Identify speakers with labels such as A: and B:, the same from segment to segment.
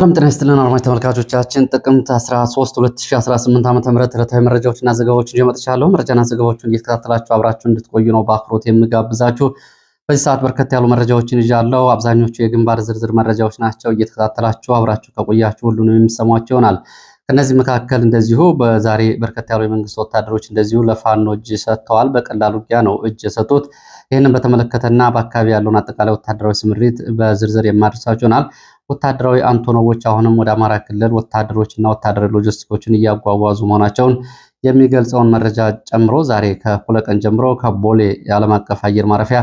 A: በጣም ጤና ይስጥልን አድማጭ ተመልካቾቻችን ጥቅምት 13 2018 ዓ ም ዕለታዊ መረጃዎችና ዘገባዎችን ይዤ መጥቻለሁ። መረጃና ዘገባዎችን እየተከታተላችሁ አብራችሁ እንድትቆዩ ነው በአክብሮት የምጋብዛችሁ። በዚህ ሰዓት በርከት ያሉ መረጃዎችን ይዣለሁ። አብዛኞቹ የግንባር ዝርዝር መረጃዎች ናቸው። እየተከታተላችሁ አብራችሁ ከቆያችሁ ሁሉንም የሚሰሟቸው ይሆናል። ከእነዚህ መካከል እንደዚሁ በዛሬ በርከት ያሉ የመንግስት ወታደሮች እንደዚሁ ለፋኖ እጅ ሰጥተዋል። በቀላል ውጊያ ነው እጅ የሰጡት። ይህንን በተመለከተና በአካባቢ ያለውን አጠቃላይ ወታደራዊ ስምሪት በዝርዝር የማድረሳቸው ይሆናል። ወታደራዊ አንቶኖቮች አሁንም ወደ አማራ ክልል ወታደሮችና ወታደራዊ ሎጂስቲኮችን እያጓጓዙ መሆናቸውን የሚገልጸውን መረጃ ጨምሮ ዛሬ ከሁለቀን ጀምሮ ከቦሌ የዓለም አቀፍ አየር ማረፊያ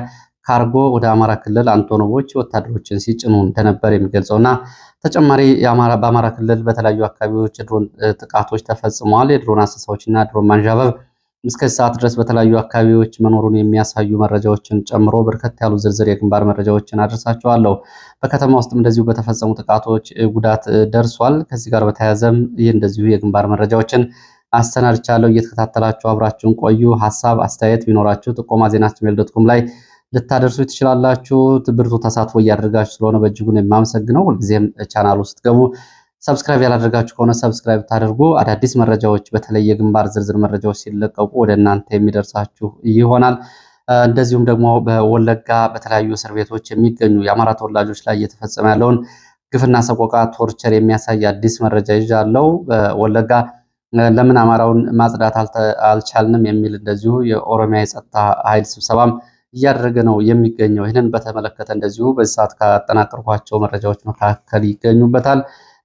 A: ካርጎ ወደ አማራ ክልል አንቶኖቮች ወታደሮችን ሲጭኑ እንደነበር የሚገልጸውና ተጨማሪ በአማራ ክልል በተለያዩ አካባቢዎች የድሮን ጥቃቶች ተፈጽመዋል። የድሮን አሰሳዎችና ድሮን ማንዣበብ እስከ ሰዓት ድረስ በተለያዩ አካባቢዎች መኖሩን የሚያሳዩ መረጃዎችን ጨምሮ በርከት ያሉ ዝርዝር የግንባር መረጃዎችን አድርሳቸዋለሁ። በከተማ ውስጥም እንደዚሁ በተፈጸሙ ጥቃቶች ጉዳት ደርሷል። ከዚህ ጋር በተያያዘም ይህ እንደዚሁ የግንባር መረጃዎችን አሰናድቻለሁ። እየተከታተላችሁ አብራችሁን ቆዩ። ሀሳብ አስተያየት ቢኖራችሁ ጥቆማ ዜና ጂሜል ዶት ኮም ላይ ልታደርሱ ትችላላችሁ። ብርቱ ተሳትፎ እያደረጋችሁ ስለሆነ በእጅጉን የማመሰግነው። ሁልጊዜም ቻናሉ ስትገቡ ሰብስክራይብ ያላደረጋችሁ ከሆነ ሰብስክራይብ ታደርጉ። አዳዲስ መረጃዎች በተለይ የግንባር ዝርዝር መረጃዎች ሲለቀቁ ወደ እናንተ የሚደርሳችሁ ይሆናል። እንደዚሁም ደግሞ በወለጋ በተለያዩ እስር ቤቶች የሚገኙ የአማራ ተወላጆች ላይ እየተፈጸመ ያለውን ግፍና ሰቆቃ፣ ቶርቸር የሚያሳይ አዲስ መረጃ ይዣለሁ። ወለጋ ለምን አማራውን ማጽዳት አልቻልንም የሚል እንደዚሁ የኦሮሚያ የጸጥታ ኃይል ስብሰባም እያደረገ ነው የሚገኘው። ይህንን በተመለከተ እንደዚሁ በዚህ ሰዓት ካጠናቀርኳቸው መረጃዎች መካከል ይገኙበታል።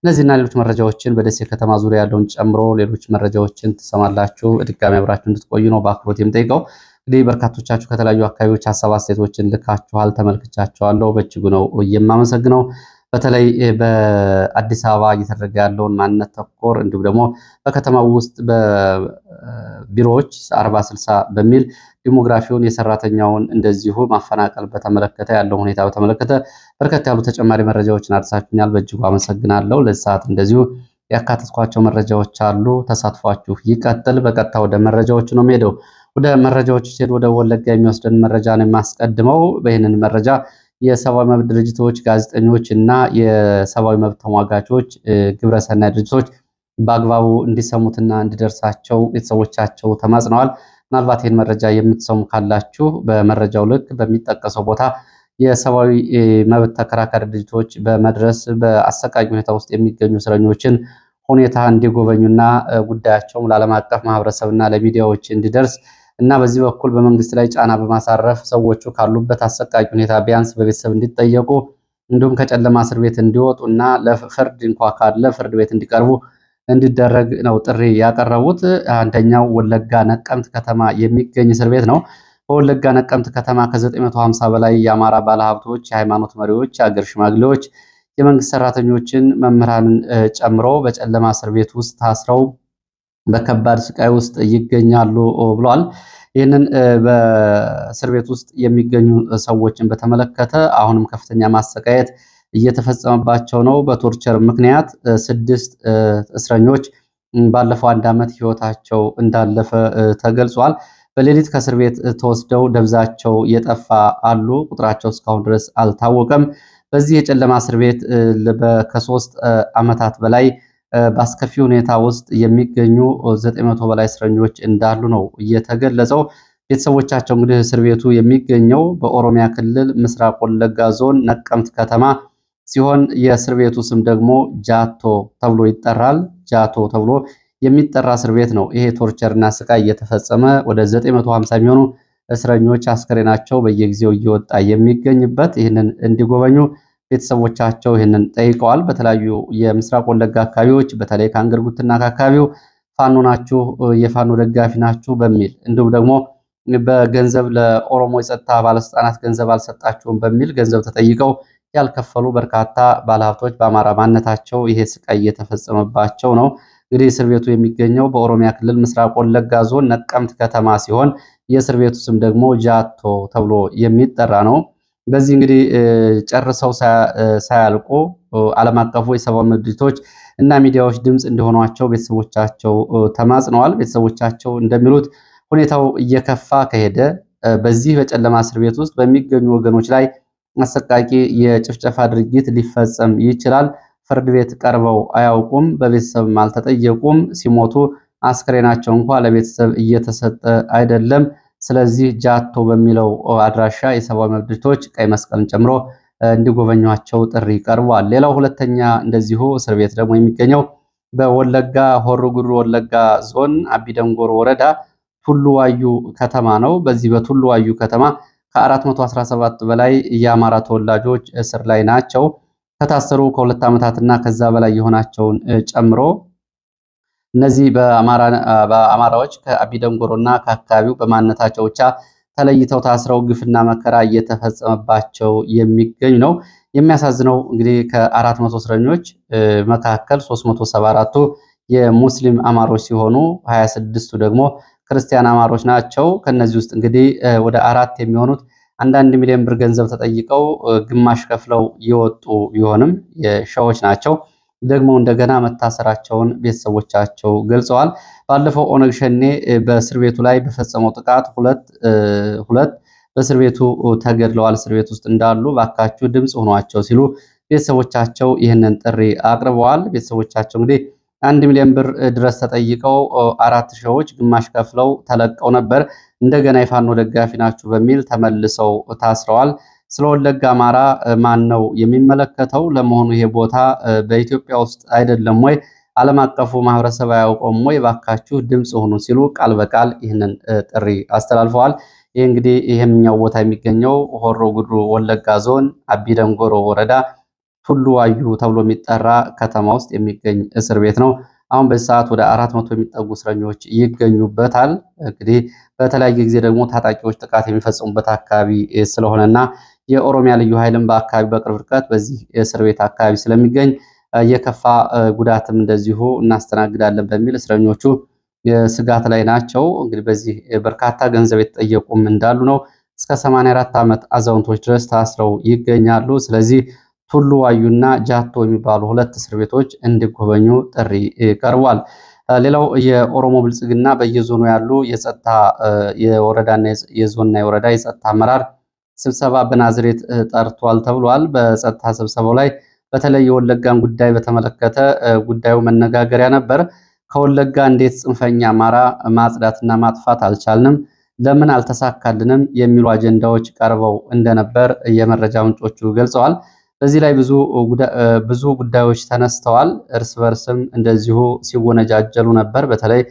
A: እነዚህና ሌሎች መረጃዎችን በደሴ ከተማ ዙሪያ ያለውን ጨምሮ ሌሎች መረጃዎችን ትሰማላችሁ። ድጋሚ አብራችሁ እንድትቆዩ ነው በአክብሮት የምጠይቀው። እንግዲህ በርካቶቻችሁ ከተለያዩ አካባቢዎች ሀሳብ አስተያየቶችን ልካችኋል፣ ተመልክቻቸዋለሁ። በእጅጉ ነው የማመሰግነው። በተለይ በአዲስ አበባ እየተደረገ ያለውን ማንነት ተኮር እንዲሁም ደግሞ በከተማው ውስጥ በቢሮዎች አርባ ስልሳ በሚል ዲሞግራፊውን የሰራተኛውን እንደዚሁ ማፈናቀል በተመለከተ ያለው ሁኔታ በተመለከተ በርከት ያሉ ተጨማሪ መረጃዎችን አድርሳችሁኛል። በእጅጉ አመሰግናለሁ። ለዚህ ሰዓት እንደዚሁ ያካተትኳቸው መረጃዎች አሉ። ተሳትፏችሁ ይቀጥል። በቀጥታ ወደ መረጃዎች ነው የምሄደው። ወደ መረጃዎች ሲሄድ ወደ ወለጋ የሚወስደን መረጃ ነው የማስቀድመው። በይህንን መረጃ የሰብአዊ መብት ድርጅቶች፣ ጋዜጠኞች እና የሰብአዊ መብት ተሟጋቾች፣ ግብረሰናይ ድርጅቶች በአግባቡ እንዲሰሙትና እንዲደርሳቸው ቤተሰቦቻቸው ተማጽነዋል። ምናልባት ይህን መረጃ የምትሰሙ ካላችሁ በመረጃው ልክ በሚጠቀሰው ቦታ የሰብአዊ መብት ተከራካሪ ድርጅቶች በመድረስ በአሰቃቂ ሁኔታ ውስጥ የሚገኙ እስረኞችን ሁኔታ እንዲጎበኙና ጉዳያቸውም ለዓለም አቀፍ ማህበረሰብና ለሚዲያዎች እንዲደርስ እና በዚህ በኩል በመንግስት ላይ ጫና በማሳረፍ ሰዎቹ ካሉበት አሰቃቂ ሁኔታ ቢያንስ በቤተሰብ እንዲጠየቁ እንዲሁም ከጨለማ እስር ቤት እንዲወጡ እና ለፍርድ እንኳ ካለ ፍርድ ቤት እንዲቀርቡ እንዲደረግ ነው ጥሪ ያቀረቡት። አንደኛው ወለጋ ነቀምት ከተማ የሚገኝ እስር ቤት ነው። በወለጋ ነቀምት ከተማ ከ950 በላይ የአማራ ባለሀብቶች፣ የሃይማኖት መሪዎች፣ የአገር ሽማግሌዎች፣ የመንግስት ሰራተኞችን፣ መምህራንን ጨምሮ በጨለማ እስር ቤት ውስጥ ታስረው በከባድ ስቃይ ውስጥ ይገኛሉ ብሏል። ይህንን በእስር ቤት ውስጥ የሚገኙ ሰዎችን በተመለከተ አሁንም ከፍተኛ ማሰቃየት እየተፈጸመባቸው ነው። በቶርቸር ምክንያት ስድስት እስረኞች ባለፈው አንድ ዓመት ህይወታቸው እንዳለፈ ተገልጿል። በሌሊት ከእስር ቤት ተወስደው ደብዛቸው የጠፋ አሉ። ቁጥራቸው እስካሁን ድረስ አልታወቀም። በዚህ የጨለማ እስር ቤት ከሶስት ዓመታት በላይ በአስከፊ ሁኔታ ውስጥ የሚገኙ ዘጠኝ መቶ በላይ እስረኞች እንዳሉ ነው እየተገለጸው። ቤተሰቦቻቸው እንግዲህ እስር ቤቱ የሚገኘው በኦሮሚያ ክልል ምስራቅ ወለጋ ዞን ነቀምት ከተማ ሲሆን የእስር ቤቱ ስም ደግሞ ጃቶ ተብሎ ይጠራል። ጃቶ ተብሎ የሚጠራ እስር ቤት ነው። ይሄ ቶርቸርና ስቃይ እየተፈጸመ ወደ 950 የሚሆኑ እስረኞች አስከሬናቸው በየጊዜው እየወጣ የሚገኝበት ይህንን እንዲጎበኙ ቤተሰቦቻቸው ይህንን ጠይቀዋል። በተለያዩ የምስራቅ ወለጋ አካባቢዎች በተለይ ከአንገርጉትና ከአካባቢው ፋኖ ናችሁ፣ የፋኖ ደጋፊ ናችሁ በሚል እንዲሁም ደግሞ በገንዘብ ለኦሮሞ የጸጥታ ባለስልጣናት ገንዘብ አልሰጣችሁም በሚል ገንዘብ ተጠይቀው ያልከፈሉ በርካታ ባለሀብቶች በአማራ ማንነታቸው ይሄ ስቃይ እየተፈጸመባቸው ነው። እንግዲህ እስር ቤቱ የሚገኘው በኦሮሚያ ክልል ምስራቅ ወለጋ ዞን ነቀምት ከተማ ሲሆን የእስር ቤቱ ስም ደግሞ ጃቶ ተብሎ የሚጠራ ነው። በዚህ እንግዲህ ጨርሰው ሳያልቁ ዓለም አቀፉ የሰብአዊ መብት ድርጅቶች እና ሚዲያዎች ድምፅ እንደሆኗቸው ቤተሰቦቻቸው ተማጽነዋል። ቤተሰቦቻቸው እንደሚሉት ሁኔታው እየከፋ ከሄደ በዚህ በጨለማ እስር ቤት ውስጥ በሚገኙ ወገኖች ላይ አሰቃቂ የጭፍጨፋ ድርጊት ሊፈጸም ይችላል። ፍርድ ቤት ቀርበው አያውቁም፣ በቤተሰብ አልተጠየቁም። ሲሞቱ አስክሬናቸው እንኳ ለቤተሰብ እየተሰጠ አይደለም። ስለዚህ ጃቶ በሚለው አድራሻ የሰብአዊ መብት ድርጅቶች ቀይ መስቀልን ጨምሮ እንዲጎበኟቸው ጥሪ ቀርቧል። ሌላው ሁለተኛ እንደዚሁ እስር ቤት ደግሞ የሚገኘው በወለጋ ሆሮ ጉዱሩ ወለጋ ዞን አቢደንጎር ወረዳ ቱሉ ዋዩ ከተማ ነው። በዚህ በቱሉ ዋዩ ከተማ ከ417 በላይ የአማራ ተወላጆች እስር ላይ ናቸው። ከታሰሩ ከሁለት ዓመታትና ከዛ በላይ የሆናቸውን ጨምሮ እነዚህ በአማራዎች ከአቢደንጎሮ እና ከአካባቢው በማንነታቸው ብቻ ተለይተው ታስረው ግፍና መከራ እየተፈጸመባቸው የሚገኝ ነው። የሚያሳዝነው እንግዲህ ከአራት መቶ እስረኞች መካከል 374ቱ የሙስሊም አማሮች ሲሆኑ 26 ቱ ደግሞ ክርስቲያን አማሮች ናቸው። ከነዚህ ውስጥ እንግዲህ ወደ አራት የሚሆኑት አንዳንድ ሚሊዮን ብር ገንዘብ ተጠይቀው ግማሽ ከፍለው የወጡ ቢሆንም የሸዎች ናቸው። ደግሞ እንደገና መታሰራቸውን ቤተሰቦቻቸው ገልጸዋል። ባለፈው ኦነግ ሸኔ በእስር ቤቱ ላይ በፈጸመው ጥቃት ሁለት ሁለት በእስር ቤቱ ተገድለዋል። እስር ቤት ውስጥ እንዳሉ ባካችሁ ድምፅ ሆኗቸው ሲሉ ቤተሰቦቻቸው ይህንን ጥሪ አቅርበዋል። ቤተሰቦቻቸው እንግዲህ አንድ ሚሊዮን ብር ድረስ ተጠይቀው አራት ሺዎች ግማሽ ከፍለው ተለቀው ነበር። እንደገና የፋኖ ደጋፊ ናችሁ በሚል ተመልሰው ታስረዋል። ስለ ወለጋ አማራ ማን ነው የሚመለከተው? ለመሆኑ ይሄ ቦታ በኢትዮጵያ ውስጥ አይደለም ወይ? ዓለም አቀፉ ማህበረሰብ አያውቀውም ወይ? ባካችሁ ድምፅ ሆኑ ሲሉ ቃል በቃል ይህንን ጥሪ አስተላልፈዋል። ይህ እንግዲህ ይሄኛው ቦታ የሚገኘው ሆሮ ጉድሩ ወለጋ ዞን አቢ ወረዳ ቱሉ ዋዩ ተብሎ የሚጠራ ከተማ ውስጥ የሚገኝ እስር ቤት ነው። አሁን በዚህ ሰዓት ወደ አራት መቶ የሚጠጉ እስረኞች ይገኙበታል። እንግዲህ በተለያየ ጊዜ ደግሞ ታጣቂዎች ጥቃት የሚፈጽሙበት አካባቢ ስለሆነና የኦሮሚያ ልዩ ኃይልም በአካባቢ በቅርብ ርቀት በዚህ እስር ቤት አካባቢ ስለሚገኝ የከፋ ጉዳትም እንደዚሁ እናስተናግዳለን በሚል እስረኞቹ ስጋት ላይ ናቸው። እንግዲህ በዚህ በርካታ ገንዘብ የተጠየቁም እንዳሉ ነው። እስከ 84 ዓመት አዛውንቶች ድረስ ታስረው ይገኛሉ። ስለዚህ ቱሉ ዋዩና ጃቶ የሚባሉ ሁለት እስር ቤቶች እንዲጎበኙ ጥሪ ቀርቧል። ሌላው የኦሮሞ ብልጽግና በየዞኑ ያሉ የጸጥታ የወረዳና የዞንና የወረዳ የጸጥታ አመራር ስብሰባ በናዝሬት ጠርቷል ተብሏል። በጸጥታ ስብሰባው ላይ በተለይ የወለጋን ጉዳይ በተመለከተ ጉዳዩ መነጋገሪያ ነበር። ከወለጋ እንዴት ጽንፈኛ አማራ ማጽዳትና ማጥፋት አልቻልንም፣ ለምን አልተሳካልንም የሚሉ አጀንዳዎች ቀርበው እንደነበር የመረጃ ምንጮቹ ገልጸዋል። በዚህ ላይ ብዙ ጉዳዮች ተነስተዋል። እርስ በርስም እንደዚሁ ሲወነጃጀሉ ነበር። በተለይ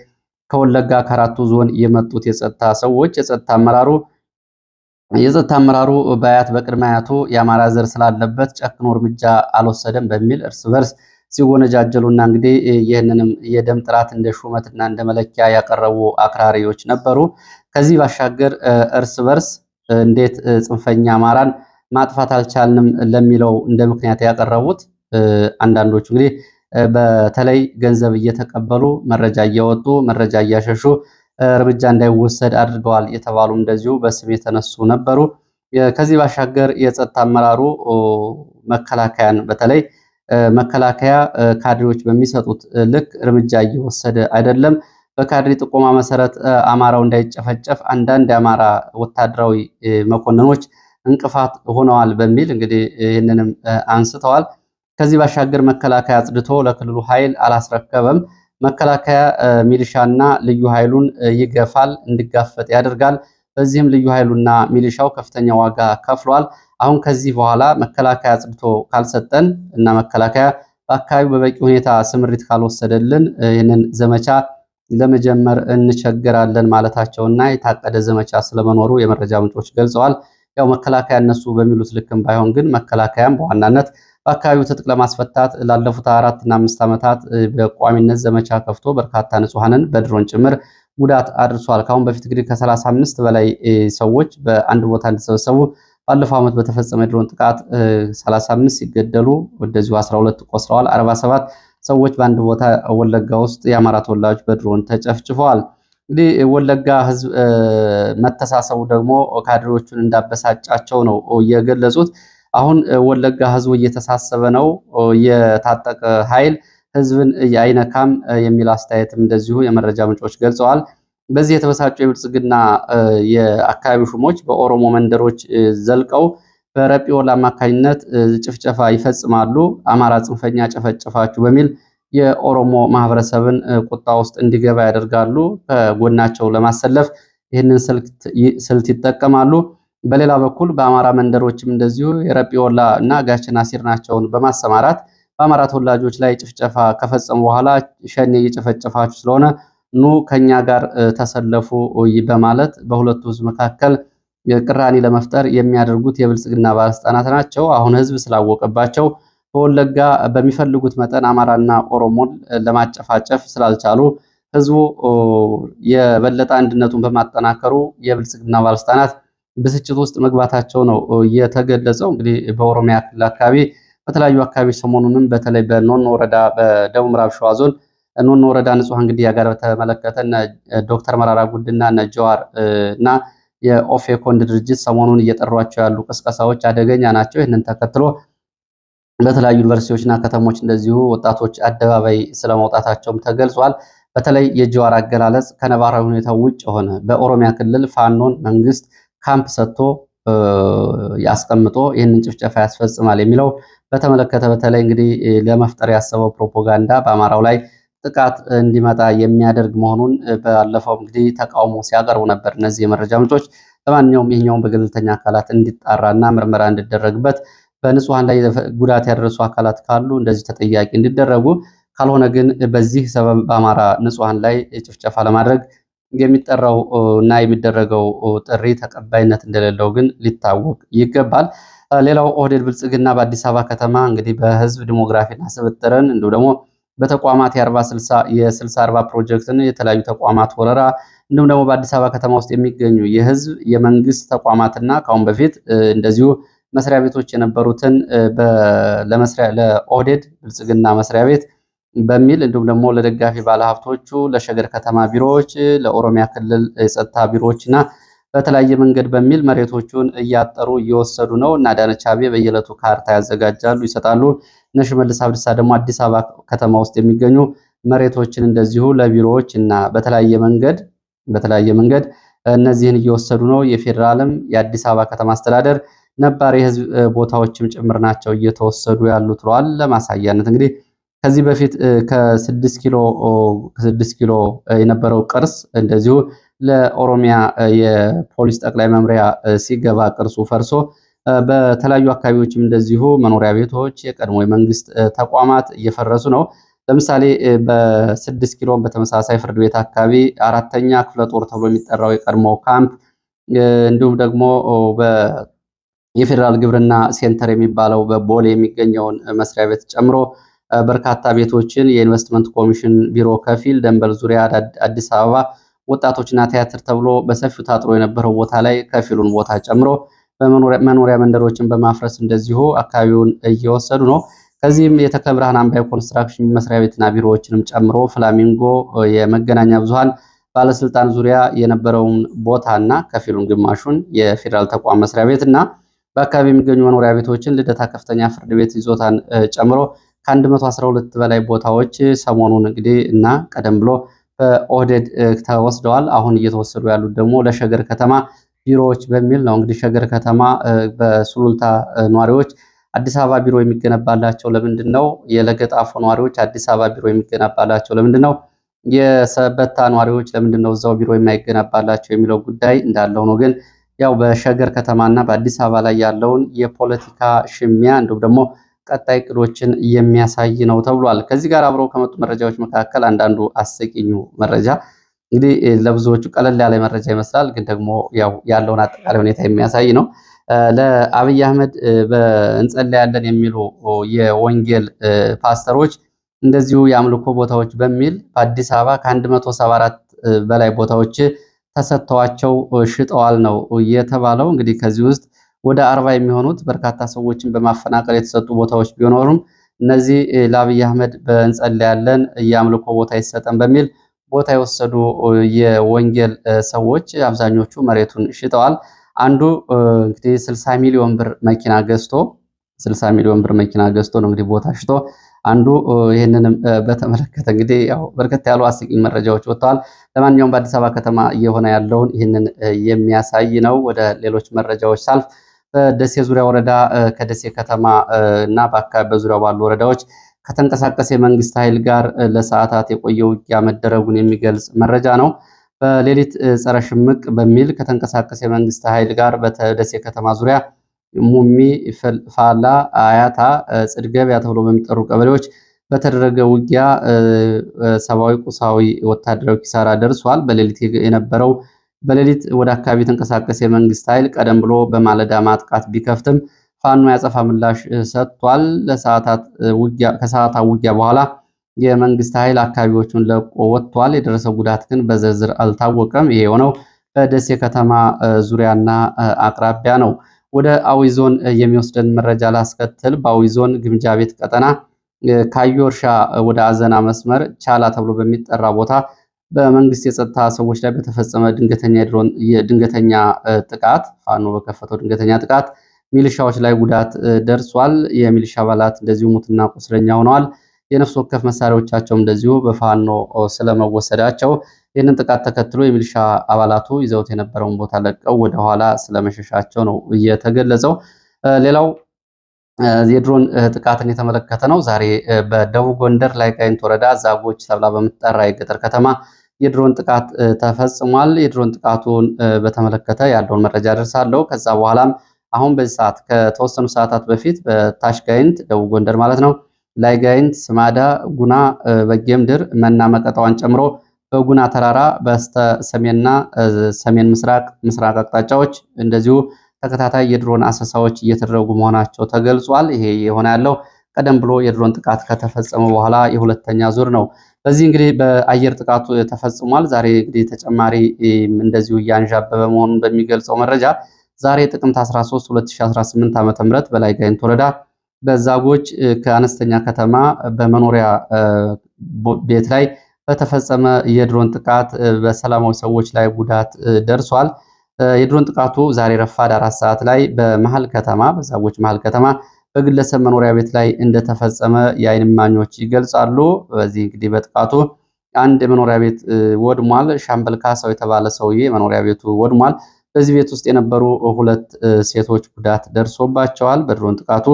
A: ከወለጋ ከአራቱ ዞን የመጡት የጸጥታ ሰዎች የጸጥታ አመራሩ የጸጥታ አመራሩ በአያት በቅድመ አያቱ የአማራ ዘር ስላለበት ጨክኖ እርምጃ አልወሰደም በሚል እርስ በርስ ሲወነጃጀሉና እንግዲህ ይህንንም የደም ጥራት እንደ ሹመትና እንደ መለኪያ ያቀረቡ አክራሪዎች ነበሩ። ከዚህ ባሻገር እርስ በርስ እንዴት ጽንፈኛ አማራን ማጥፋት አልቻልንም ለሚለው እንደ ምክንያት ያቀረቡት አንዳንዶቹ እንግዲህ በተለይ ገንዘብ እየተቀበሉ መረጃ እያወጡ መረጃ እያሸሹ እርምጃ እንዳይወሰድ አድርገዋል የተባሉ እንደዚሁ በስም የተነሱ ነበሩ። ከዚህ ባሻገር የጸጥታ አመራሩ መከላከያን በተለይ መከላከያ ካድሬዎች በሚሰጡት ልክ እርምጃ እየወሰደ አይደለም። በካድሬ ጥቆማ መሰረት አማራው እንዳይጨፈጨፍ አንዳንድ የአማራ ወታደራዊ መኮንኖች እንቅፋት ሆነዋል በሚል እንግዲህ ይህንንም አንስተዋል። ከዚህ ባሻገር መከላከያ አጽድቶ ለክልሉ ኃይል አላስረከበም። መከላከያ ሚሊሻና ልዩ ኃይሉን ይገፋል፣ እንዲጋፈጥ ያደርጋል። በዚህም ልዩ ኃይሉና ሚሊሻው ከፍተኛ ዋጋ ከፍሏል። አሁን ከዚህ በኋላ መከላከያ ጽብቶ ካልሰጠን እና መከላከያ በአካባቢው በበቂ ሁኔታ ስምሪት ካልወሰደልን ይህንን ዘመቻ ለመጀመር እንቸገራለን ማለታቸውና የታቀደ ዘመቻ ስለመኖሩ የመረጃ ምንጮች ገልጸዋል። ያው መከላከያ እነሱ በሚሉት ልክም ባይሆን ግን መከላከያም በዋናነት በአካባቢው ትጥቅ ለማስፈታት ላለፉት አራት እና አምስት ዓመታት በቋሚነት ዘመቻ ከፍቶ በርካታ ንጹሐንን በድሮን ጭምር ጉዳት አድርሷል። ካሁን በፊት እንግዲህ ከ35 በላይ ሰዎች በአንድ ቦታ እንዲሰበሰቡ ባለፈው ዓመት በተፈጸመ የድሮን ጥቃት 35 ሲገደሉ እንደዚሁ 12 ቆስለዋል። 47 ሰዎች በአንድ ቦታ ወለጋ ውስጥ የአማራ ተወላጆች በድሮን ተጨፍጭፈዋል። እንግዲህ ወለጋ ህዝብ መተሳሰቡ ደግሞ ካድሬዎቹን እንዳበሳጫቸው ነው የገለጹት። አሁን ወለጋ ህዝቡ እየተሳሰበ ነው፣ የታጠቀ ኃይል ህዝብን አይነካም የሚል አስተያየትም እንደዚሁ የመረጃ ምንጮች ገልጸዋል። በዚህ የተበሳጩ የብልጽግና የአካባቢ ሹሞች በኦሮሞ መንደሮች ዘልቀው ወላ አማካኝነት ጭፍጨፋ ይፈጽማሉ። አማራ ጽንፈኛ ጨፈጨፋችሁ በሚል የኦሮሞ ማህበረሰብን ቁጣ ውስጥ እንዲገባ ያደርጋሉ። ከጎናቸው ለማሰለፍ ይህንን ስልት ይጠቀማሉ። በሌላ በኩል በአማራ መንደሮችም እንደዚሁ የረጲወላ እና ጋቸና ሲርናቸውን በማሰማራት በአማራ ተወላጆች ላይ ጭፍጨፋ ከፈጸሙ በኋላ ሸኔ እየጨፈጨፋችሁ ስለሆነ ኑ ከኛ ጋር ተሰለፉ በማለት በሁለቱ ህዝብ መካከል ቅራኔ ለመፍጠር የሚያደርጉት የብልጽግና ባለስልጣናት ናቸው። አሁን ህዝብ ስላወቀባቸው በወለጋ በሚፈልጉት መጠን አማራና ኦሮሞን ለማጨፋጨፍ ስላልቻሉ ህዝቡ የበለጠ አንድነቱን በማጠናከሩ የብልጽግና ባለስልጣናት ብስጭት ውስጥ መግባታቸው ነው የተገለጸው። እንግዲህ በኦሮሚያ ክልል አካባቢ በተለያዩ አካባቢዎች ሰሞኑንም በተለይ በኖኖ ወረዳ በደቡብ ምዕራብ ሸዋ ዞን ኖኖ ወረዳ ንጹሐን ግድያ ጋር በተመለከተ ዶክተር መራራ ጉዲና እነ ጀዋር እና የኦፌኮ ድርጅት ሰሞኑን እየጠሯቸው ያሉ ቅስቀሳዎች አደገኛ ናቸው። ይህንን ተከትሎ በተለያዩ ዩኒቨርሲቲዎችና ከተሞች እንደዚሁ ወጣቶች አደባባይ ስለመውጣታቸውም ተገልጿል። በተለይ የጀዋር አገላለጽ ከነባራዊ ሁኔታው ውጭ የሆነ በኦሮሚያ ክልል ፋኖን መንግስት ካምፕ ሰጥቶ አስቀምጦ ይህንን ጭፍጨፋ ያስፈጽማል የሚለው በተመለከተ በተለይ እንግዲህ ለመፍጠር ያሰበው ፕሮፓጋንዳ በአማራው ላይ ጥቃት እንዲመጣ የሚያደርግ መሆኑን ባለፈው እንግዲህ ተቃውሞ ሲያቀርቡ ነበር እነዚህ የመረጃ ምንጮች። ለማንኛውም ይህኛውን በገለልተኛ አካላት እንዲጣራና ምርመራ እንዲደረግበት፣ በንጹሐን ላይ ጉዳት ያደረሱ አካላት ካሉ እንደዚህ ተጠያቂ እንዲደረጉ፣ ካልሆነ ግን በዚህ ሰበብ በአማራ ንጹሐን ላይ ጭፍጨፋ ለማድረግ የሚጠራው እና የሚደረገው ጥሪ ተቀባይነት እንደሌለው ግን ሊታወቅ ይገባል። ሌላው ኦህዴድ ብልጽግና በአዲስ አበባ ከተማ እንግዲህ በህዝብ ዲሞግራፊና ስብጥርን እንዲሁም ደግሞ በተቋማት የስልሳ አርባ ፕሮጀክትን የተለያዩ ተቋማት ወረራ እንዲሁም ደግሞ በአዲስ አበባ ከተማ ውስጥ የሚገኙ የህዝብ የመንግስት ተቋማትና ከአሁን በፊት እንደዚሁ መስሪያ ቤቶች የነበሩትን ለኦህዴድ ብልጽግና መስሪያ ቤት በሚል እንዲሁም ደግሞ ለደጋፊ ባለሀብቶቹ፣ ለሸገር ከተማ ቢሮዎች፣ ለኦሮሚያ ክልል የጸጥታ ቢሮዎች እና በተለያየ መንገድ በሚል መሬቶቹን እያጠሩ እየወሰዱ ነው እና አዳነች አቤቤ በየዕለቱ ካርታ ያዘጋጃሉ፣ ይሰጣሉ። እነ ሽመልስ አብዲሳ ደግሞ አዲስ አበባ ከተማ ውስጥ የሚገኙ መሬቶችን እንደዚሁ ለቢሮዎች እና በተለያየ መንገድ በተለያየ መንገድ እነዚህን እየወሰዱ ነው። የፌዴራልም የአዲስ አበባ ከተማ አስተዳደር ነባር የህዝብ ቦታዎችም ጭምር ናቸው እየተወሰዱ ያሉ ለማሳያነት እንግዲህ ከዚህ በፊት ከስድስት ኪሎ ኪሎ የነበረው ቅርስ እንደዚሁ ለኦሮሚያ የፖሊስ ጠቅላይ መምሪያ ሲገባ ቅርሱ ፈርሶ በተለያዩ አካባቢዎችም እንደዚሁ መኖሪያ ቤቶች፣ የቀድሞ የመንግስት ተቋማት እየፈረሱ ነው። ለምሳሌ በስድስት ኪሎ በተመሳሳይ ፍርድ ቤት አካባቢ አራተኛ ክፍለ ጦር ተብሎ የሚጠራው የቀድሞ ካምፕ እንዲሁም ደግሞ የፌዴራል ግብርና ሴንተር የሚባለው በቦሌ የሚገኘውን መስሪያ ቤት ጨምሮ በርካታ ቤቶችን የኢንቨስትመንት ኮሚሽን ቢሮ ከፊል ደንበል ዙሪያ አዲስ አበባ ወጣቶችና ቲያትር ተብሎ በሰፊው ታጥሮ የነበረው ቦታ ላይ ከፊሉን ቦታ ጨምሮ መኖሪያ መንደሮችን በማፍረስ እንደዚሁ አካባቢውን እየወሰዱ ነው። ከዚህም የተከ ብርሃን አምባ መስሪያ ቤትና ቢሮዎችንም ጨምሮ ፍላሚንጎ የመገናኛ ብዙሃን ባለስልጣን ዙሪያ የነበረውን ቦታና ከፊሉን ግማሹን የፌዴራል ተቋም መስሪያ ቤት እና በአካባቢ የሚገኙ መኖሪያ ቤቶችን ልደታ ከፍተኛ ፍርድ ቤት ይዞታን ጨምሮ ከ112 በላይ ቦታዎች ሰሞኑን እንግዲህ እና ቀደም ብሎ በኦህዴድ ተወስደዋል። አሁን እየተወሰዱ ያሉት ደግሞ ለሸገር ከተማ ቢሮዎች በሚል ነው። እንግዲህ ሸገር ከተማ በሱሉልታ ነዋሪዎች አዲስ አበባ ቢሮ የሚገነባላቸው ለምንድን ነው? የለገጣፎ ነዋሪዎች አዲስ አበባ ቢሮ የሚገነባላቸው ለምንድን ነው? የሰበታ ነዋሪዎች ለምንድን ነው እዛው ቢሮ የማይገነባላቸው የሚለው ጉዳይ እንዳለው ነው። ግን ያው በሸገር ከተማና በአዲስ አበባ ላይ ያለውን የፖለቲካ ሽሚያ እንዲሁም ደግሞ ቀጣይ እቅዶችን የሚያሳይ ነው ተብሏል። ከዚህ ጋር አብረው ከመጡ መረጃዎች መካከል አንዳንዱ አስቂኙ መረጃ እንግዲህ ለብዙዎቹ ቀለል ያለ መረጃ ይመስላል፣ ግን ደግሞ ያው ያለውን አጠቃላይ ሁኔታ የሚያሳይ ነው። ለአብይ አህመድ እንጸልያለን የሚሉ የወንጌል ፓስተሮች እንደዚሁ የአምልኮ ቦታዎች በሚል በአዲስ አበባ ከ174 በላይ ቦታዎች ተሰጥተዋቸው ሽጠዋል ነው የተባለው። እንግዲህ ከዚህ ውስጥ ወደ አርባ የሚሆኑት በርካታ ሰዎችን በማፈናቀል የተሰጡ ቦታዎች ቢኖሩም እነዚህ ለአብይ አህመድ በእንጸልያለን የአምልኮ ቦታ ይሰጠን በሚል ቦታ የወሰዱ የወንጌል ሰዎች አብዛኞቹ መሬቱን ሽጠዋል። አንዱ እንግዲህ 60 ሚሊዮን ብር መኪና ገዝቶ 60 ሚሊዮን ብር መኪና ገዝቶ ነው እንግዲህ ቦታ ሽጦ አንዱ ይህንንም በተመለከተ እንግዲህ ያው በርከት ያሉ አስቂኝ መረጃዎች ወጥተዋል። ለማንኛውም በአዲስ አበባ ከተማ እየሆነ ያለውን ይህንን የሚያሳይ ነው። ወደ ሌሎች መረጃዎች ሳልፍ በደሴ ዙሪያ ወረዳ ከደሴ ከተማ እና በአካባቢ በዙሪያው ባሉ ወረዳዎች ከተንቀሳቀሰ የመንግስት ኃይል ጋር ለሰዓታት የቆየ ውጊያ መደረጉን የሚገልጽ መረጃ ነው። በሌሊት ጸረ ሽምቅ በሚል ከተንቀሳቀሰ የመንግስት ኃይል ጋር በደሴ ከተማ ዙሪያ ሙሚ፣ ፋላ፣ አያታ፣ ጽድገቢያ ተብሎ በሚጠሩ ቀበሌዎች በተደረገ ውጊያ ሰብአዊ፣ ቁሳዊ፣ ወታደራዊ ኪሳራ ደርሷል። በሌሊት የነበረው በሌሊት ወደ አካባቢ የተንቀሳቀሰ የመንግስት ኃይል ቀደም ብሎ በማለዳ ማጥቃት ቢከፍትም ፋኖ ያጸፋ ምላሽ ሰጥቷል። ከሰዓታት ውጊያ በኋላ የመንግስት ኃይል አካባቢዎቹን ለቆ ወጥቷል። የደረሰው ጉዳት ግን በዝርዝር አልታወቀም። ይሄ የሆነው በደሴ ከተማ ዙሪያና አቅራቢያ ነው። ወደ አዊ ዞን የሚወስደን መረጃ ላስከትል። በአዊ ዞን ግምጃ ቤት ቀጠና ካዮ እርሻ ወደ አዘና መስመር ቻላ ተብሎ በሚጠራ ቦታ በመንግስት የጸጥታ ሰዎች ላይ በተፈጸመ ድንገተኛ ጥቃት ፋኖ በከፈተው ድንገተኛ ጥቃት ሚሊሻዎች ላይ ጉዳት ደርሷል። የሚሊሻ አባላት እንደዚሁ ሙትና ቁስለኛ ሆነዋል። የነፍስ ወከፍ መሳሪያዎቻቸው እንደዚሁ በፋኖ ስለመወሰዳቸው ይህንን ጥቃት ተከትሎ የሚሊሻ አባላቱ ይዘውት የነበረውን ቦታ ለቀው ወደኋላ ስለመሸሻቸው ነው እየተገለጸው። ሌላው የድሮን ጥቃትን የተመለከተ ነው። ዛሬ በደቡብ ጎንደር ላይ ቃይንት ወረዳ ዛጎች ተብላ በምትጠራ የገጠር ከተማ የድሮን ጥቃት ተፈጽሟል። የድሮን ጥቃቱን በተመለከተ ያለውን መረጃ ደርሳለሁ። ከዛ በኋላም አሁን በዚህ ሰዓት ከተወሰኑ ሰዓታት በፊት በታች ጋይንት፣ ደቡብ ጎንደር ማለት ነው፣ ላይ ጋይንት፣ ስማዳ፣ ጉና፣ በጌምድር መና መቀጣዋን ጨምሮ በጉና ተራራ በስተ ሰሜንና ሰሜን ምስራቅ ምስራቅ አቅጣጫዎች እንደዚሁ ተከታታይ የድሮን አሰሳዎች እየተደረጉ መሆናቸው ተገልጿል። ይሄ የሆነ ያለው ቀደም ብሎ የድሮን ጥቃት ከተፈጸመ በኋላ የሁለተኛ ዙር ነው። በዚህ እንግዲህ በአየር ጥቃቱ ተፈጽሟል። ዛሬ እንግዲህ ተጨማሪ እንደዚሁ እያንዣበበ መሆኑን በሚገልጸው መረጃ ዛሬ ጥቅምት 13 2018 ዓ ም በላይ ጋይንት ወረዳ በዛጎች ከአነስተኛ ከተማ በመኖሪያ ቤት ላይ በተፈጸመ የድሮን ጥቃት በሰላማዊ ሰዎች ላይ ጉዳት ደርሷል። የድሮን ጥቃቱ ዛሬ ረፋድ አራት ሰዓት ላይ በመሀል ከተማ በዛጎች መሀል ከተማ በግለሰብ መኖሪያ ቤት ላይ እንደተፈጸመ የዓይን እማኞች ይገልጻሉ። በዚህ እንግዲህ በጥቃቱ አንድ የመኖሪያ ቤት ወድሟል። ሻምበል ካሳው የተባለ ሰውዬ መኖሪያ ቤቱ ወድሟል። በዚህ ቤት ውስጥ የነበሩ ሁለት ሴቶች ጉዳት ደርሶባቸዋል። በድሮን ጥቃቱ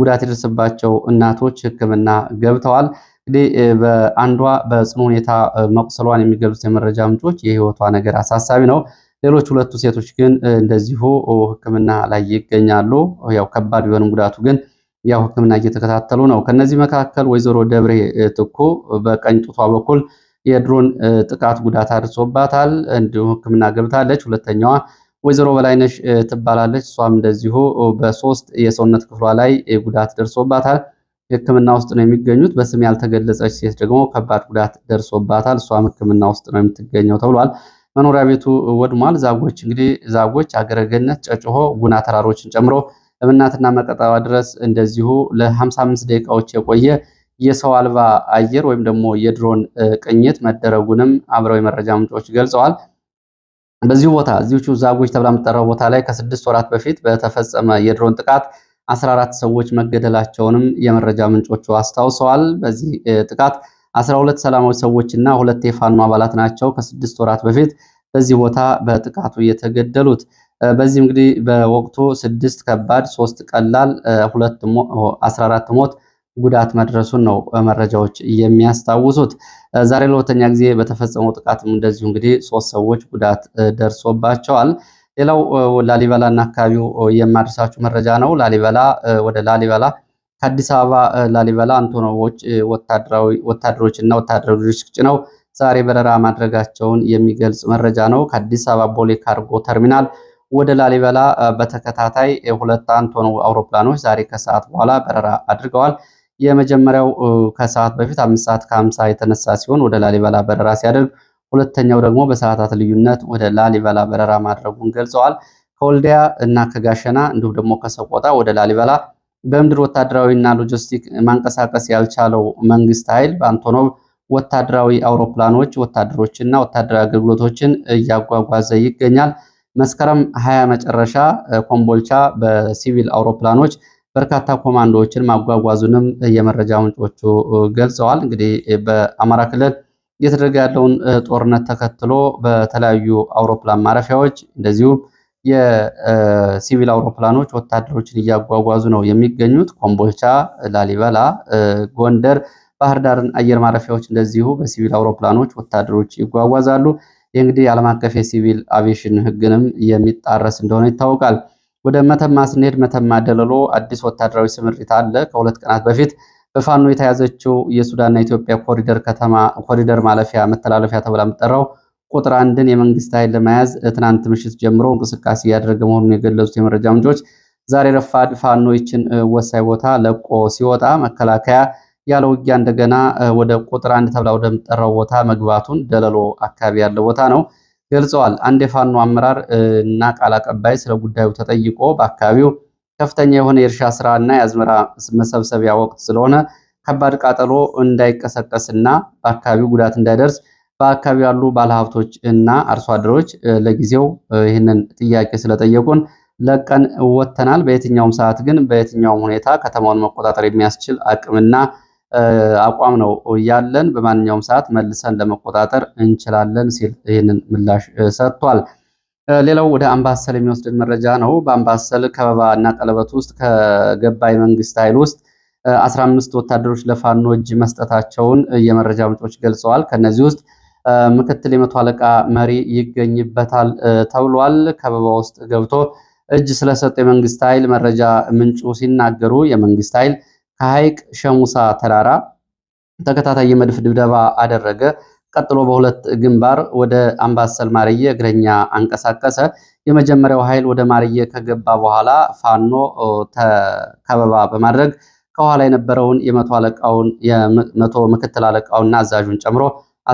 A: ጉዳት የደረሰባቸው እናቶች ሕክምና ገብተዋል። እንግዲህ በአንዷ በጽኑ ሁኔታ መቁሰሏን የሚገልጹት የመረጃ ምንጮች የህይወቷ ነገር አሳሳቢ ነው። ሌሎች ሁለቱ ሴቶች ግን እንደዚሁ ሕክምና ላይ ይገኛሉ። ያው ከባድ ቢሆንም ጉዳቱ ግን ያው ሕክምና እየተከታተሉ ነው። ከነዚህ መካከል ወይዘሮ ደብሬ ትኩ በቀኝ ጡቷ በኩል የድሮን ጥቃት ጉዳት አድርሶባታል፣ እንዲሁ ሕክምና ገብታለች። ሁለተኛዋ ወይዘሮ በላይነሽ ትባላለች። እሷም እንደዚሁ በሶስት የሰውነት ክፍሏ ላይ ጉዳት ደርሶባታል፣ ሕክምና ውስጥ ነው የሚገኙት። በስም ያልተገለጸች ሴት ደግሞ ከባድ ጉዳት ደርሶባታል፣ እሷም ሕክምና ውስጥ ነው የምትገኘው ተብሏል። መኖሪያ ቤቱ ወድሟል። ዛጎች እንግዲህ ዛጎች፣ አገረ ገነት፣ ጨጭሆ፣ ጉና ተራሮችን ጨምሮ እምናትና መቀጠባ ድረስ እንደዚሁ ለ55 ደቂቃዎች የቆየ የሰው አልባ አየር ወይም ደግሞ የድሮን ቅኝት መደረጉንም አብረው የመረጃ ምንጮች ገልጸዋል። በዚሁ ቦታ እዚሁ ዛጎች ተብላ የምጠራው ቦታ ላይ ከስድስት ወራት በፊት በተፈጸመ የድሮን ጥቃት 14 ሰዎች መገደላቸውንም የመረጃ ምንጮቹ አስታውሰዋል። በዚህ ጥቃት አስራ ሁለት ሰላማዊ ሰዎችና ሁለት የፋኖ አባላት ናቸው ከስድስት ወራት በፊት በዚህ ቦታ በጥቃቱ የተገደሉት። በዚህ እንግዲህ በወቅቱ ስድስት ከባድ፣ ሶስት ቀላል፣ አስራ አራት ሞት ጉዳት መድረሱን ነው መረጃዎች የሚያስታውሱት። ዛሬ ለሁለተኛ ጊዜ በተፈጸመው ጥቃትም እንደዚሁ እንግዲህ ሶስት ሰዎች ጉዳት ደርሶባቸዋል። ሌላው ላሊበላ እና አካባቢው የማድረሳችሁ መረጃ ነው። ላሊበላ ወደ ላሊበላ ከአዲስ አበባ ላሊበላ አንቶኖቮች ወታደሮች እና ወታደሮች ጭነው ዛሬ በረራ ማድረጋቸውን የሚገልጽ መረጃ ነው። ከአዲስ አበባ ቦሌ ካርጎ ተርሚናል ወደ ላሊበላ በተከታታይ ሁለት አንቶኖ አውሮፕላኖች ዛሬ ከሰዓት በኋላ በረራ አድርገዋል። የመጀመሪያው ከሰዓት በፊት አምስት ሰዓት ከአምሳ የተነሳ ሲሆን ወደ ላሊበላ በረራ ሲያደርግ ሁለተኛው ደግሞ በሰዓታት ልዩነት ወደ ላሊበላ በረራ ማድረጉን ገልጸዋል። ከወልዲያ እና ከጋሸና እንዲሁም ደግሞ ከሰቆጣ ወደ ላሊበላ በምድር ወታደራዊና ሎጂስቲክ ማንቀሳቀስ ያልቻለው መንግስት ኃይል በአንቶኖቭ ወታደራዊ አውሮፕላኖች ወታደሮችና ወታደራዊ አገልግሎቶችን እያጓጓዘ ይገኛል። መስከረም ሀያ መጨረሻ ኮምቦልቻ በሲቪል አውሮፕላኖች በርካታ ኮማንዶዎችን ማጓጓዙንም የመረጃ ምንጮቹ ገልጸዋል። እንግዲህ በአማራ ክልል እየተደረገ ያለውን ጦርነት ተከትሎ በተለያዩ አውሮፕላን ማረፊያዎች እንደዚሁም የሲቪል አውሮፕላኖች ወታደሮችን እያጓጓዙ ነው የሚገኙት። ኮምቦልቻ፣ ላሊበላ፣ ጎንደር፣ ባህር ዳርን አየር ማረፊያዎች እንደዚሁ በሲቪል አውሮፕላኖች ወታደሮች ይጓጓዛሉ። ይህ እንግዲህ ዓለም አቀፍ የሲቪል አቪዬሽን ሕግንም የሚጣረስ እንደሆነ ይታወቃል። ወደ መተማ ስንሄድ መተማ ደለሎ አዲስ ወታደራዊ ስምሪት አለ። ከሁለት ቀናት በፊት በፋኖ የተያዘችው የሱዳንና ኢትዮጵያ ኮሪደር ከተማ ኮሪደር ማለፊያ መተላለፊያ ተብላ የምትጠራው ቁጥር አንድን የመንግስት ኃይል ለመያዝ ትናንት ምሽት ጀምሮ እንቅስቃሴ እያደረገ መሆኑን የገለጹት የመረጃ ምንጮች ዛሬ ረፋድ ፋኖ ይችን ወሳኝ ቦታ ለቆ ሲወጣ መከላከያ ያለ ውጊያ እንደገና ወደ ቁጥር አንድ ተብላ ወደምጠራው ቦታ መግባቱን ደለሎ አካባቢ ያለ ቦታ ነው ገልጸዋል። አንድ የፋኖ አመራር እና ቃል አቀባይ ስለ ጉዳዩ ተጠይቆ በአካባቢው ከፍተኛ የሆነ የእርሻ ስራ እና የአዝመራ መሰብሰቢያ ወቅት ስለሆነ ከባድ ቃጠሎ እንዳይቀሰቀስና በአካባቢው ጉዳት እንዳይደርስ በአካባቢው ያሉ ባለሀብቶች እና አርሶ አደሮች ለጊዜው ይህንን ጥያቄ ስለጠየቁን ለቀን ወጥተናል። በየትኛውም ሰዓት ግን በየትኛውም ሁኔታ ከተማውን መቆጣጠር የሚያስችል አቅምና አቋም ነው ያለን። በማንኛውም ሰዓት መልሰን ለመቆጣጠር እንችላለን ሲል ይህንን ምላሽ ሰጥቷል። ሌላው ወደ አምባሰል የሚወስድን መረጃ ነው። በአምባሰል ከበባ እና ቀለበት ውስጥ ከገባ የመንግስት ኃይል ውስጥ አስራ አምስት ወታደሮች ለፋኖ እጅ መስጠታቸውን የመረጃ ምንጮች ገልጸዋል። ከነዚህ ውስጥ ምክትል የመቶ አለቃ መሪ ይገኝበታል ተብሏል። ከበባ ውስጥ ገብቶ እጅ ስለሰጠ የመንግስት ኃይል መረጃ ምንጩ ሲናገሩ የመንግስት ኃይል ከሐይቅ ሸሙሳ ተራራ ተከታታይ የመድፍ ድብደባ አደረገ። ቀጥሎ በሁለት ግንባር ወደ አምባሰል ማርየ እግረኛ አንቀሳቀሰ። የመጀመሪያው ኃይል ወደ ማርየ ከገባ በኋላ ፋኖ ከበባ በማድረግ ከኋላ የነበረውን የመቶ ምክትል አለቃውና አዛዡን ጨምሮ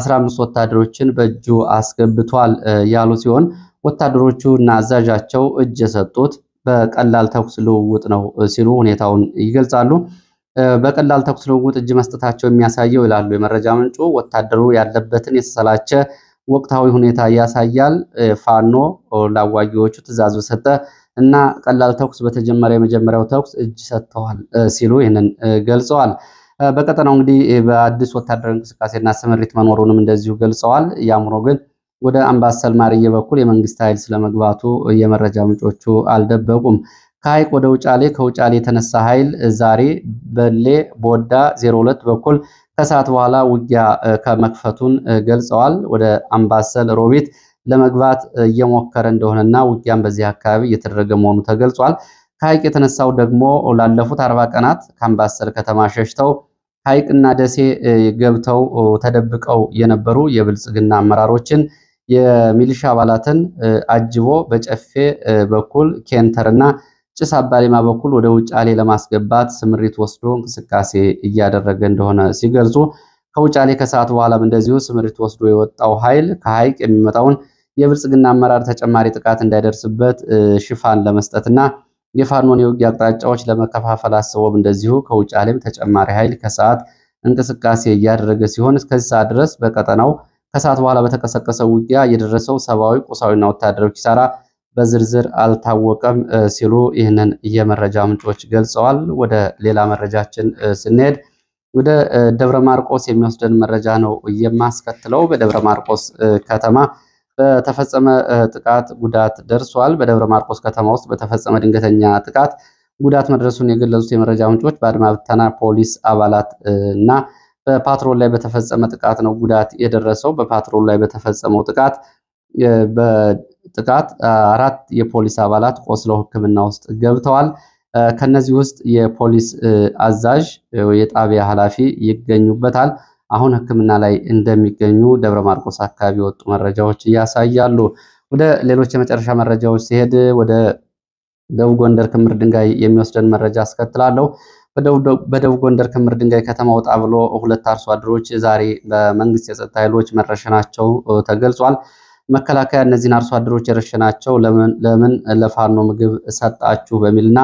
A: 15 ወታደሮችን በእጁ አስገብቷል ያሉ ሲሆን ወታደሮቹ እና አዛዣቸው እጅ የሰጡት በቀላል ተኩስ ልውውጥ ነው ሲሉ ሁኔታውን ይገልጻሉ። በቀላል ተኩስ ልውውጥ እጅ መስጠታቸው የሚያሳየው ይላሉ የመረጃ ምንጩ፣ ወታደሩ ያለበትን የተሰላቸ ወቅታዊ ሁኔታ ያሳያል። ፋኖ ለአዋጊዎቹ ትዕዛዝ በሰጠ እና ቀላል ተኩስ በተጀመረ የመጀመሪያው ተኩስ እጅ ሰጥተዋል ሲሉ ይህንን ገልጸዋል። በቀጠናው እንግዲህ በአዲስ ወታደራዊ እንቅስቃሴና ስምሪት መኖሩንም እንደዚሁ ገልጸዋል። ያምሮ ግን ወደ አምባሰል ማርየ በኩል የመንግስት ኃይል ስለመግባቱ የመረጃ ምንጮቹ አልደበቁም። ከሐይቅ ወደ ውጫሌ ከውጫሌ የተነሳ ኃይል ዛሬ በሌ ቦዳ 02 በኩል ከሰዓት በኋላ ውጊያ ከመክፈቱን ገልጸዋል። ወደ አምባሰል ሮቢት ለመግባት እየሞከረ እንደሆነና ውጊያም በዚህ አካባቢ እየተደረገ መሆኑ ተገልጿል። ከሐይቅ የተነሳው ደግሞ ላለፉት አርባ ቀናት ከአምባሰል ከተማ ሸሽተው ሐይቅና ደሴ ገብተው ተደብቀው የነበሩ የብልጽግና አመራሮችን የሚሊሻ አባላትን አጅቦ በጨፌ በኩል ኬንተርና ጭስ አባሌማ በኩል ወደ ውጫሌ ለማስገባት ስምሪት ወስዶ እንቅስቃሴ እያደረገ እንደሆነ ሲገልጹ ከውጫሌ ከሰዓት በኋላም እንደዚሁ ስምሪት ወስዶ የወጣው ኃይል ከሐይቅ የሚመጣውን የብልጽግና አመራር ተጨማሪ ጥቃት እንዳይደርስበት ሽፋን ለመስጠትና የፋኖን የውጊያ አቅጣጫዎች ለመከፋፈል አስቦም እንደዚሁ ከውጭ ዓለም ተጨማሪ ኃይል ከሰዓት እንቅስቃሴ እያደረገ ሲሆን እስከዚህ ሰዓት ድረስ በቀጠናው ከሰዓት በኋላ በተቀሰቀሰው ውጊያ የደረሰው ሰብአዊ፣ ቁሳዊና ወታደራዊ ኪሳራ በዝርዝር አልታወቀም ሲሉ ይህንን የመረጃ ምንጮች ገልጸዋል። ወደ ሌላ መረጃችን ስንሄድ ወደ ደብረ ማርቆስ የሚወስደን መረጃ ነው የማስከትለው። በደብረ ማርቆስ ከተማ በተፈጸመ ጥቃት ጉዳት ደርሷል። በደብረ ማርቆስ ከተማ ውስጥ በተፈጸመ ድንገተኛ ጥቃት ጉዳት መድረሱን የገለጹት የመረጃ ምንጮች በአድማ ብተና ፖሊስ አባላት እና በፓትሮል ላይ በተፈጸመ ጥቃት ነው ጉዳት የደረሰው። በፓትሮል ላይ በተፈጸመው ጥቃት በጥቃት አራት የፖሊስ አባላት ቆስለው ሕክምና ውስጥ ገብተዋል። ከነዚህ ውስጥ የፖሊስ አዛዥ የጣቢያ ኃላፊ ይገኙበታል። አሁን ሕክምና ላይ እንደሚገኙ ደብረ ማርቆስ አካባቢ የወጡ መረጃዎች እያሳያሉ። ወደ ሌሎች የመጨረሻ መረጃዎች ሲሄድ ወደ ደቡብ ጎንደር ክምር ድንጋይ የሚወስደን መረጃ አስከትላለሁ። በደቡብ ጎንደር ክምር ድንጋይ ከተማ ወጣ ብሎ ሁለት አርሶ አደሮች ዛሬ በመንግስት የጸጥታ ኃይሎች መረሸናቸው ተገልጿል። መከላከያ እነዚህን አርሶ አደሮች የረሸናቸው ለምን ለፋኖ ምግብ ሰጣችሁ በሚልና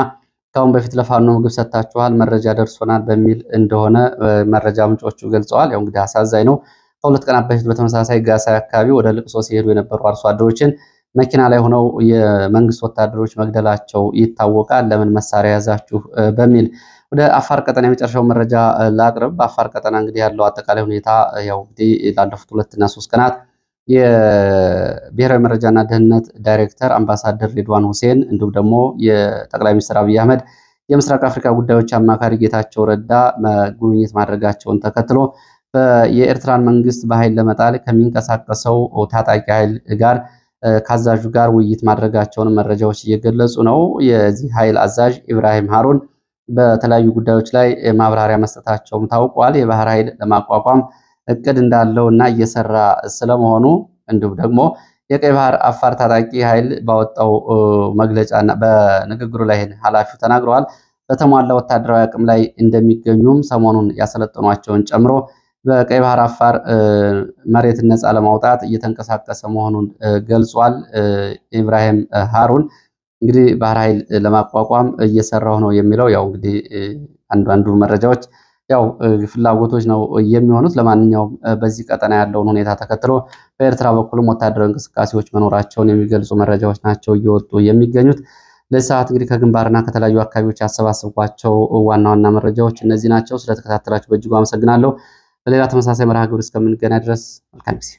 A: ከአሁን በፊት ለፋኖ ምግብ ሰጥታችኋል፣ መረጃ ደርሶናል በሚል እንደሆነ መረጃ ምንጮቹ ገልጸዋል። ያው እንግዲህ አሳዛኝ ነው። ከሁለት ቀናት በፊት በተመሳሳይ ጋሳይ አካባቢ ወደ ልቅሶ ሲሄዱ የነበሩ አርሶ አደሮችን መኪና ላይ ሆነው የመንግስት ወታደሮች መግደላቸው ይታወቃል። ለምን መሳሪያ ያዛችሁ በሚል ወደ አፋር ቀጠና የመጨረሻው መረጃ ላቅርብ። በአፋር ቀጠና እንግዲህ ያለው አጠቃላይ ሁኔታ ያው እንግዲህ ላለፉት ሁለትና ሶስት ቀናት የብሔራዊ መረጃና ደህንነት ዳይሬክተር አምባሳደር ሬድዋን ሁሴን እንዲሁም ደግሞ የጠቅላይ ሚኒስትር አብይ አህመድ የምስራቅ አፍሪካ ጉዳዮች አማካሪ ጌታቸው ረዳ ጉብኝት ማድረጋቸውን ተከትሎ የኤርትራን መንግስት በኃይል ለመጣል ከሚንቀሳቀሰው ታጣቂ ኃይል ጋር ከአዛዡ ጋር ውይይት ማድረጋቸውን መረጃዎች እየገለጹ ነው። የዚህ ኃይል አዛዥ ኢብራሂም ሃሩን በተለያዩ ጉዳዮች ላይ ማብራሪያ መስጠታቸውም ታውቋል። የባህር ኃይል ለማቋቋም እቅድ እንዳለው እና እየሰራ ስለመሆኑ እንዲሁም ደግሞ የቀይ ባህር አፋር ታጣቂ ኃይል ባወጣው መግለጫና በንግግሩ ላይ ኃላፊው ተናግረዋል። በተሟላ ወታደራዊ አቅም ላይ እንደሚገኙም ሰሞኑን ያሰለጠኗቸውን ጨምሮ በቀይ ባህር አፋር መሬትን ነፃ ለማውጣት እየተንቀሳቀሰ መሆኑን ገልጿል። ኢብራሂም ሃሩን እንግዲህ ባህር ኃይል ለማቋቋም እየሰራሁ ነው የሚለው ያው እንግዲህ አንዱ መረጃዎች ያው ፍላጎቶች ነው የሚሆኑት። ለማንኛውም በዚህ ቀጠና ያለውን ሁኔታ ተከትሎ በኤርትራ በኩልም ወታደራዊ እንቅስቃሴዎች መኖራቸውን የሚገልጹ መረጃዎች ናቸው እየወጡ የሚገኙት። ለዚህ ሰዓት እንግዲህ ከግንባርና ከተለያዩ አካባቢዎች ያሰባሰብኳቸው ዋና ዋና መረጃዎች እነዚህ ናቸው። ስለተከታተላችሁ በእጅጉ አመሰግናለሁ። በሌላ ተመሳሳይ መርሃ ግብር እስከምንገናኝ ድረስ መልካም ጊዜ